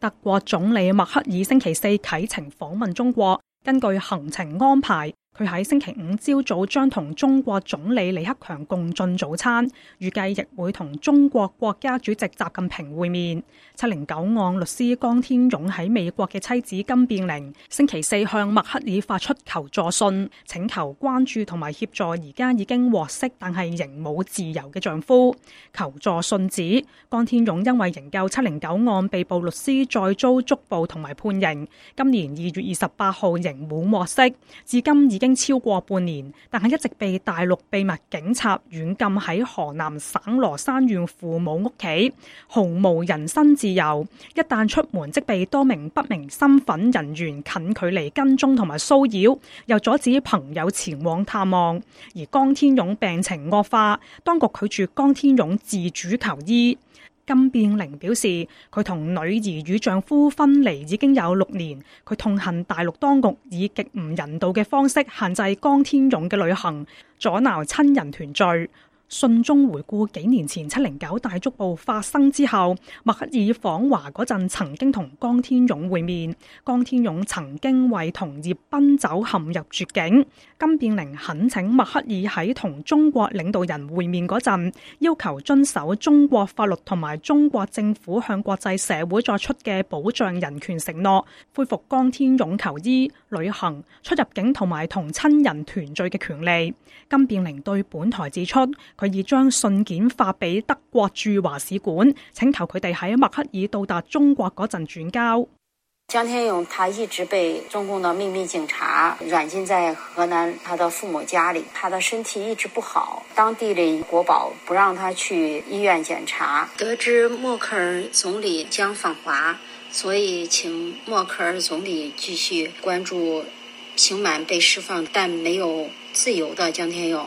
德國總理默克爾星期四啟程訪問中國，根據行程安排。佢喺星期五朝早將同中國總理李克強共進早餐，預計亦會同中國國家主席習近平會面。七零九案律師江天勇喺美國嘅妻子金變玲，星期四向默克爾發出求助信，請求關注同埋協助而家已經獲釋但係仍冇自由嘅丈夫。求助信指江天勇因為營救七零九案被捕律師再遭捉捕同埋判刑，今年二月二十八號刑滿獲釋，至今已。已經超過半年，但係一直被大陸秘密警察軟禁喺河南省羅山縣父母屋企，毫無人身自由。一旦出門，即被多名不明身份人員近距離跟蹤同埋騷擾，又阻止朋友前往探望。而江天勇病情惡化，當局拒絕江天勇自主求醫。金變玲表示，佢同女兒與丈夫分離已經有六年，佢痛恨大陸當局以極唔人道嘅方式限制江天勇嘅旅行，阻撓親人團聚。信中回顧幾年前七零九大抓捕發生之後，默克爾訪華嗰陣，曾經同江天勇會面。江天勇曾經為同業奔走陷入絕境。金變玲懇請默克爾喺同中國領導人會面嗰陣，要求遵守中國法律同埋中國政府向國際社會作出嘅保障人權承諾，恢復江天勇求醫、旅行、出入境同埋同親人團聚嘅權利。金變玲對本台指出。佢已將信件發俾德國駐華使館，請求佢哋喺默克爾到達中國嗰陣轉交。江天勇他一直被中共的秘密警察軟禁在河南他的父母家裏，他的身體一直不好，當地的國保不讓他去醫院檢查。得知默克爾總理將訪華，所以請默克爾總理繼續關注刑滿被釋放但沒有自由的江天勇。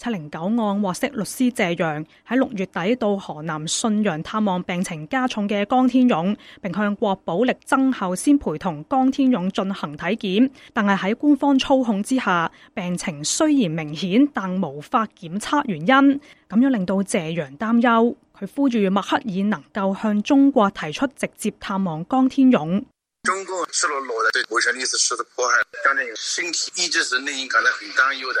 七零九案獲釋律師謝陽喺六月底到河南信陽探望病情加重嘅江天勇，並向國保力增後先陪同江天勇進行體檢，但係喺官方操控之下，病情雖然明顯，但無法檢測原因，咁樣令到謝陽擔憂。佢呼籲默克爾能夠向中國提出直接探望江天勇。中國赤裸裸的對維權人士的迫害，江天勇身體一直是令人感到很擔憂的。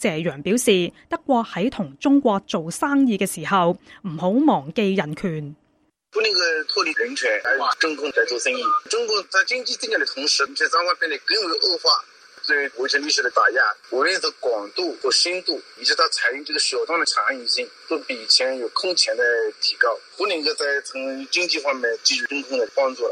謝陽表示，德國喺同中國做生意嘅時候，唔好忘記人權。五年脱離中共做生意，中國在經濟增長的同時，變得更為惡化，對維權律師的打壓，無論是廣度和深度，以及他採用這個手段的性，都比以前有空前的提高。在從經濟方面續中共幫助。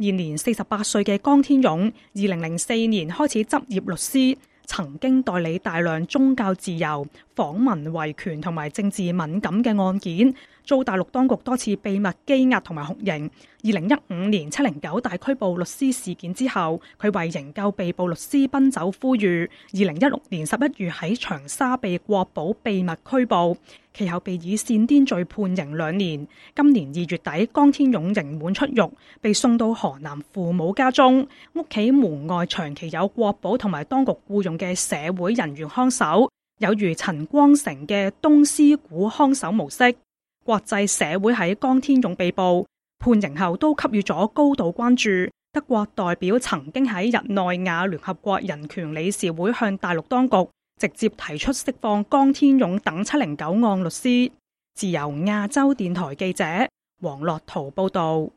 現年四十八歲嘅江天勇，二零零四年開始執業律師。曾經代理大量宗教自由、訪民維權同埋政治敏感嘅案件，遭大陸當局多次秘密羈押同埋酷刑。二零一五年七零九大拘捕律師事件之後，佢為營救被捕律師奔走呼籲。二零一六年十一月喺長沙被國保秘密拘捕，其後被以煽顛罪判刑兩年。今年二月底，江天勇刑滿出獄，被送到河南父母家中。屋企門外長期有國保同埋當局僱傭嘅社會人員看守，有如陳光誠嘅東師古看守模式。國際社會喺江天勇被捕判刑後都給予咗高度關注。德國代表曾經喺日內瓦聯合國人權理事會向大陸當局直接提出釋放江天勇等七零九案律師。自由亞洲電台記者黃樂圖報道。